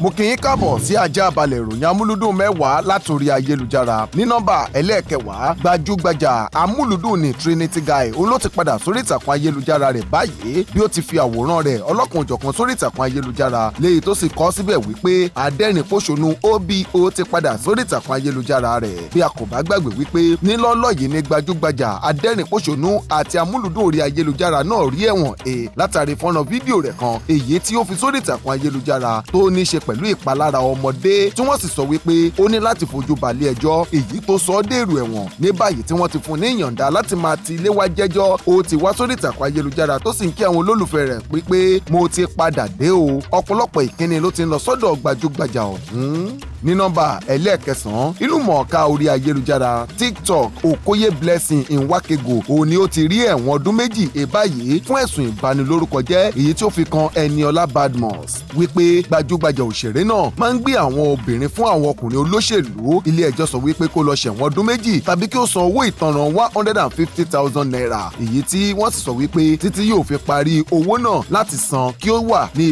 mo kì í káàbọ̀ sí ajá balẹ̀ ìròyìn amúlùdùn mẹ́wàá látòrí ayélujára ní nọ́mbà ẹlẹ́ẹ̀kẹwàá gbajúgbajà amúlùdùn ní Trinity Guy òun ló ti padà sórí ìtàkùn ayélujára rẹ̀ báyìí bí ó ti fi àwòrán rẹ̀ ọlọ́kùn òjọ̀kan sórí ìtàkùn ayélujára léyìí tó sì kọ́ síbẹ̀ wípé adẹ́rìn-pòṣónú OBO ti padà sórí ìtàkùn ayélujára rẹ̀ bí a kò bá gbàgbé wípé nílọ́lọ́ ni gbajúgbajà adẹ́rìn-pòṣónú àti amúlùdùn orí ayélujára náà rí ẹ̀wọ̀n he eh, látàrí fọ́nrán fídíò rẹ̀ kan èyí tí ó fi sórí ìtàkùn ayélujára tó ní ṣe p pẹ̀lú ìpalára ọmọdé tí wọ́n sì sọ wípé ó ní láti fojú balẹ̀ ẹjọ́ èyí tó sọ ọ́ dèrò ẹ̀wọ̀n ní báyìí tí wọ́n ti fún ní ìyọ̀ǹda láti máa ti ilé wá jẹ́jọ́ ó ti wá sórí ìtàkùn ayélujára tó sì ń kí àwọn olólùfẹ́ rẹ̀ pípé mo ti padà dé o ọ̀pọ̀lọpọ̀ ìkíni ló ti ń lọ sọ́dọ̀ gbajúgbajà ọ̀hún ní nọ́mbà ẹlẹ́ẹ̀kẹsàn-án ìlú mọ̀ọ́ká orí ayélujára tiktok okoye blessing nwakego òun ni ó ti rí ẹ̀wọ̀n ọdún méjì e báyìí fún ẹ̀sùn ìbanilórúkọjẹ́ èyí tí ó fi kan Ẹniọlá Badmus wípé gbajúgbajà òṣèré náà máa ń gbé àwọn obìnrin fún àwọn ọkùnrin olóṣèlú ilé ẹjọ́ sọ wípé kó lọ ṣẹ̀wọ̀n ọdún méjì tàbí kí ó san owó ìtanràn one hundred and fifty thousand naira èyí tí wọ́n sì sọ wípé títí yóò fi parí owó náà láti san kí ó wà ní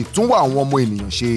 ìtúnwà àwọn ọmọ ènìyàn ṣe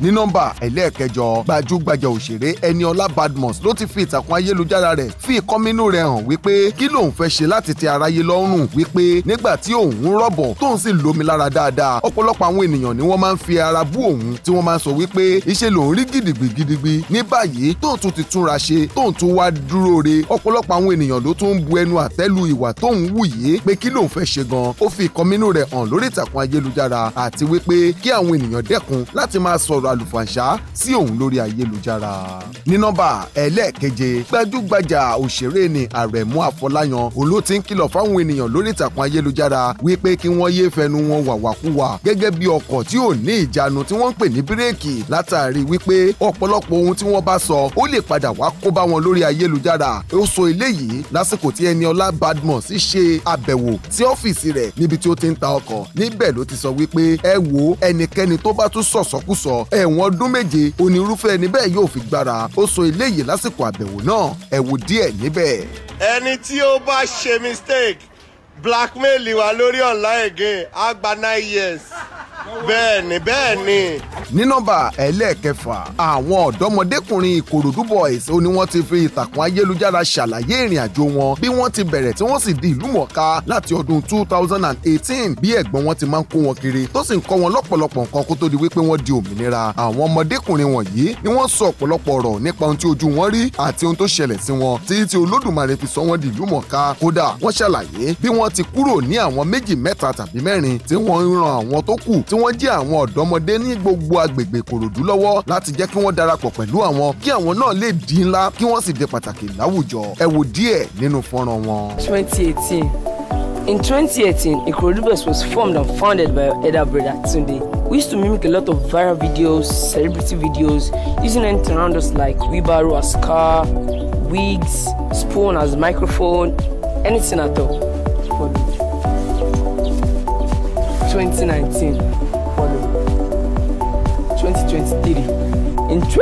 ní nọ́mbà ẹlẹ́ẹ̀kẹjọ gbajúgbajà òṣèré Ẹniọlá Badmus ló ti fi ìtàkùn ayélujára rẹ̀ fi ìkọminú rẹ̀ hàn wípé kí lòun fẹ́ ṣe láti tẹ aráyé lọ́rùn wípé nígbà tí òun ń rọ̀bọ̀ tóun sì lómi lára dáadáa ọ̀pọ̀lọpọ̀ àwọn ènìyàn ni wọ́n máa ń fi ara bú òun tí wọ́n máa ń sọ wípé iṣẹ́ lòun rí gidigbi gidigbi ní báyìí tóun tún ti túnra ṣe tóun tún wá dúró re ọ̀pọ̀lọpọ̀ àwọn ènìyàn ló tún ń bu ẹnu àtẹ́ lu ìwà tóun wù yìí pé kí lòun fẹ́ ṣe gan ó fi ìkọminú rẹ̀ hàn lórí ìtàkùn ayélujára àti wípé kí àwọn ènìyàn dẹ́kun láti máa sọ̀rọ̀ ọ̀rọ̀ àlùfàǹṣá sí òun lórí ayélujára. ní nọ́mbà ẹlẹ́ẹ̀keje gbajúgbajà òṣèré ni àrẹ̀mú àfọláyàn olóòtí ń kìlọ̀ fáwọn ènìyàn lórí ìtàkùn ayélujára wípé kí wọ́n yéé fẹnu wọn wàwàkúwà gẹ́gẹ́ bí ọkọ̀ tí ò ní ìjánu tí wọ́n ń pè ní bírèkì látàrí wípé ọ̀pọ̀lọpọ̀ ohun tí wọ́n bá sọ ó lè padà wá kó bá wọn lórí ayélujára ó sọ eléyìí lásìkò tí Ẹniọlá Badmus ṣe àbẹ̀wò sí ọ́fíìsì rẹ̀ níbi tí ó ti ń ta ọkọ̀ níbẹ̀ ló ti sọ wípé ẹ wo ẹnikẹ́ni tó bá tún sọ̀sọ́kùsọ ẹ̀wọ̀n ọdún méje onírúfẹ́ ẹni bẹ́ẹ̀ yóò fi gbára ó sọ eléyìí lásìkò àbẹ̀wò náà ẹ wo díẹ̀ níbẹ̀. ẹni tí ó bá ṣe mistake blackmail wa lórí online again á gba nine years bẹ́ẹ̀ni bẹ́ẹ̀ni. ní nọ́mbà ẹlẹ́ẹ̀kẹfà àwọn ọ̀dọ́mọdékùnrin ìkòròdú boys ó ní wọ́n ti fi ìtàkùn ayélujára ṣàlàyé ìrìn àjò wọn bí wọ́n ti bẹ̀rẹ̀ tí wọ́n sì di ìlú mọ̀ọ́ká láti ọdún 2018 bí ẹ̀gbọ́n wọn ti máa ń kó wọn kiri tó sì ń kọ́ wọn lọ́pọ̀lọpọ̀ nǹkan kó tó di wípé wọ́n di òmìnira àwọn ọmọdékùnrin wọ̀nyí ni wọ́n sọ ọ̀pọ̀lọpọ̀ ọ̀rọ̀ nípa ohun tí ojú wọn rí àti ohun tó ṣẹlẹ̀ sí wọn títí tí olódùmarè fi sọ wọ́n di ìlú mọ̀ọ́ká kódà wọ́n ṣàlàyé bí wọ́n ti kúrò tí wọ́n jẹ́ àwọn ọ̀dọ́mọdé ní gbogbo agbègbè Ìkòròdú lọ́wọ́ láti jẹ́ kí wọ́n darapọ̀ pẹ̀lú àwọn kí àwọn náà lè di ńlá kí wọ́n sì di pàtàkì láwùjọ ẹ wò díẹ̀ nínú fọ́nrán wọn. 2018 In 2018, Ikorudubes was formed and founded by our elder Tunde. We used to mimic a lot of viral videos, celebrity videos, using anything around us like wheelbarrow as car, wigs, spoon as microphone, anything at all. 2019.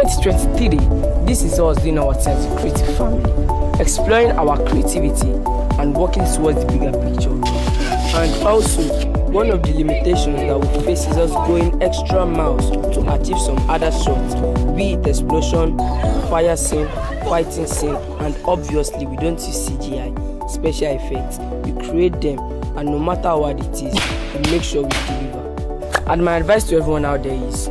2023, this is us doing our time to create a family, exploring our creativity and working towards the bigger picture. And also, one of the limitations that we face is us going extra miles to achieve some other shots, be it explosion, fire scene, fighting scene, and obviously we don't use CGI, special effects. We create them, and no matter what it is, we make sure we deliver. And my advice to everyone out there is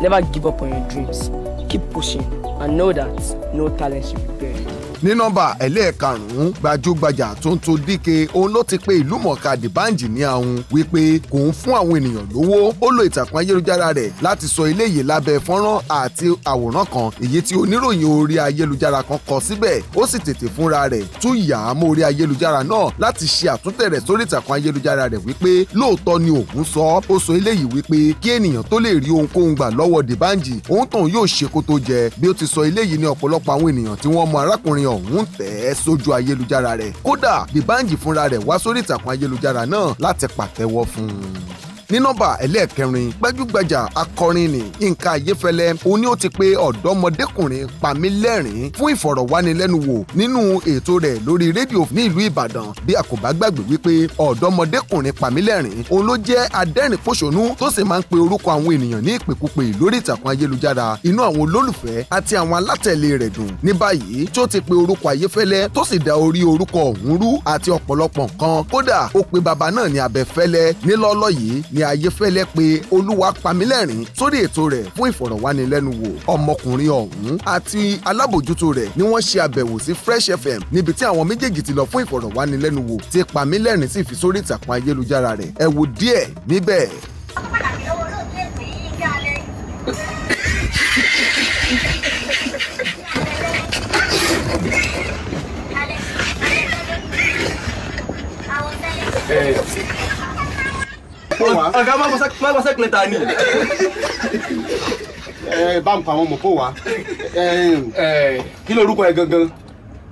never give up on your dreams. keep pushing and know that no talent should be buried. ní nọ́mbà ẹlẹ́ẹ̀karùn-ún gbajúgbajà Tonto Dike òun ló ti pe ìlú mọ̀ọ́ká D'banj ní ahun wípé kò ń fún àwọn ènìyàn lówó ó lo ìtàkùn ayélujára rẹ̀ láti sọ eléyìí lábẹ́ fọ́nrán àti àwòrán kan èyí tí oníròyìn orí ayélujára kan kọ síbẹ̀ ó sì tètè fúnra rẹ̀ tún yà á mọ́ orí ayélujára náà láti ṣe àtúntẹ̀ rẹ̀ sórí ìtàkùn ayélujára rẹ̀ wípé lóòótọ́ ni òun sọ ó sọ eléyìí wípé kí ènìyàn tó lè rí ohunkóhun gbà lọ́wọ́ D'banj òun tóun yóò ọ̀hún tẹ̀ ẹ́ sójú ayélujára rẹ̀ kódà Bíbáǹjì fúnra rẹ̀ wá sórí ìtàkùn ayélujára náà láti pàtẹ́wọ́ fún un ní nọ́mbà ẹlẹ́ẹ̀kẹrin gbajúgbajà akọrin ni Yínká Ayéfẹ́lẹ́ òun ni ó ti pe ọ̀dọ́mọdékùnrin Pamílẹ́rìn fún ìfọ̀rọ̀wánilẹ́nuwò nínú ètò rẹ̀ lórí rédíò ní ìlú Ìbàdàn bí a kò bá gbàgbé wípé ọ̀dọ́mọdékùnrin Pamílẹ́rìn òun ló jẹ́ adẹ́rìn-pòṣónú tó sì máa ń pe orúkọ àwọn ènìyàn ní ìpèkúpè lórí ìtàkùn ayélujára inú àwọn olólùfẹ́ àti àwọn alátẹ̀lé rẹ̀ dùn ní báyìí tí ó ti pe orúkọ Ayéfẹ́lẹ́ tó sì da orí orúkọ ọ̀hún rú àti ọ̀pọ̀lọpọ̀ nǹkan kódà ó pe bàbá náà ní abẹ́fẹ́lẹ́ nílọ́lọ́ yìí ní ayéfẹ́lẹ́ pé olúwa pamílẹ́rìn sórí ètò rẹ̀ fún ìfọ̀rọ̀wánilẹ́nuwò ọmọkùnrin ọ̀hún àti alábòjútó rẹ̀ ni wọ́n ṣe àbẹ̀wò sí Fresh FM níbi tí àwọn méjèèjì ti lọ fún ìfọ̀rọ̀wánilẹ́nuwò tí pamílẹ́rìn sì fi sórí ìtàkùn ayélujára rẹ̀ ẹ wo díẹ̀ níbẹ̀. ọ̀gá má gbọ́ sẹ́kìlẹ̀ ta ni. ẹ bá ń pa àwọn ọmọ kó wa kí lorúkọ ẹ gangan.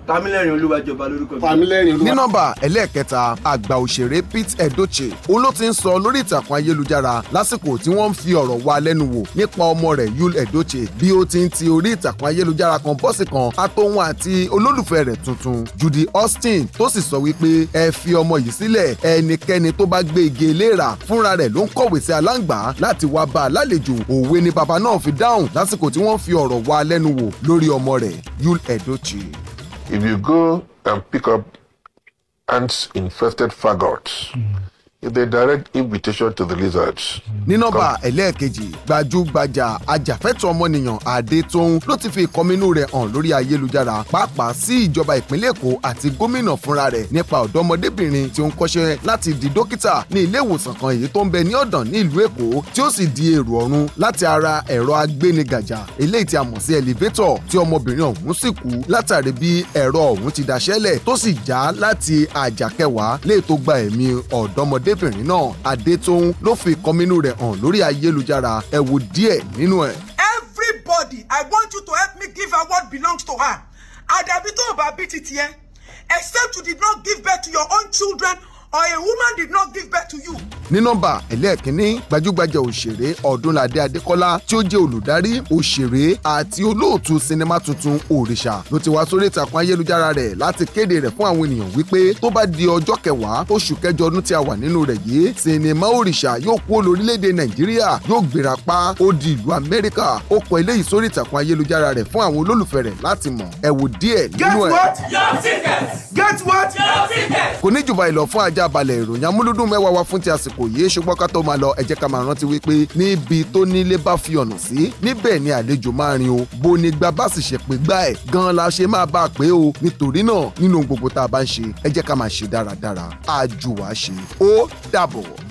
Fàmílẹ́rìn Olúwàjọba lórúkọ mi. Fàmílẹ́rìn Olúwa. ní nọ́mbà ẹlẹ́ẹ̀kẹta àgbà òṣèré Pete Edochie òun ló ti ń sọ lórí ìtàkùn ayélujára lásìkò tí wọ́n ń fi ọ̀rọ̀ wá lẹ́nu wò nípa ọmọ rẹ̀ Yul edoche. bí ó ti ń ti orí ìtàkùn ayélujára kan bọ́sì kan àtòun àti olólùfẹ́ rẹ̀ tuntun Judy Austin tó sì sọ wípé ẹ fi ọmọ yìí sílẹ̀ ẹnikẹ́ni tó bá gbé igi eléèrà fúnra rẹ̀ ló ń kọ̀wé sí aláǹgbá láti wá bá a lálejò òwe ni bàbá náà fi dáhùn lásìkò tí wọ́n fi ọ̀rọ̀ wá lẹ́nu wò lórí ọmọ rẹ̀ Yul edoche. If you go and pick up ants infested fagots, mm. is direct invitation to the lizards. ní nọ́mbà ẹlẹ́ẹ̀kejì gbajúgbajà ajàfẹ́tọ̀ ọmọnìyàn adétòun ló ti fi ìkọminú rẹ̀ hàn lórí ayélujára pàápàá sí ìjọba ìpínlẹ̀ èkó àti gómìnà fúnra rẹ̀ nípa ọ̀dọ́mọdébìnrin tí ó ń kọ́ṣẹ́ láti di dókítà ní ilé ìwòsàn kan èyí tó ń bẹ ní ọ̀dàn ní ìlú èkó tí ó sì di èrò ọ̀run láti ara ẹ̀rọ agbénigàjà eléyìí tí a mọ̀ sí ẹlivétọ̀ tí ọmọbìnrin ọ̀hún sì kú látàrí bí ẹ̀rọ ọ̀hún ti daṣẹ́lẹ̀ tó sì já láti àjà kẹwàá ọmọdébìnrin náà adétóhùn ló fi ìkọminú rẹ̀ hàn lórí ayélujára ẹ wo díẹ̀ nínú ẹ̀. everybody i want you to help me give her what belongs to her àdàbí tó o bá bí titi ẹ except you did not give birth to your own children or a woman did not give birth to you. ní nọ́mbà ẹlẹ́ẹ̀kínní gbajúgbajà òṣèré ọ̀dúnládé adékọ́lá tí ó jẹ́ olùdarí òṣèré àti olóòtú sinimá tuntun òrìṣà ló ti wá sórí ìtàkùn ayélujára rẹ̀ láti kéde rẹ̀ fún àwọn ènìyàn wípé tó bá di ọjọ́ kẹwàá oṣù kẹjọ ọdún tí a wà nínú rẹ̀ yìí sinimá òrìṣà yóò kú olórílẹ̀‐èdè nàìjíríà yóò gbéra pa ó di ìlú amẹ́ríkà ó kọ eléyìí sórí ìtàkùn ayélujára get what? get what? ajá balẹ̀ ìròyìn amúlúdùn mẹ́wàá wa fún ti àsìkò yìí ṣùgbọ́n ká tó máa lọ ẹ ká máa rántí wípé níbi tó nílé bá fi ọ̀nà sí níbẹ̀ ni àlejò máa rin o bó ni gba bá sì ṣe pé gbá ẹ̀ gan la ṣe máa bá a pé o nítorí náà nínú gbogbo tá a bá ń ṣe ẹ ká máa ṣe dáradára àjùwà ṣe ó dàbọ̀.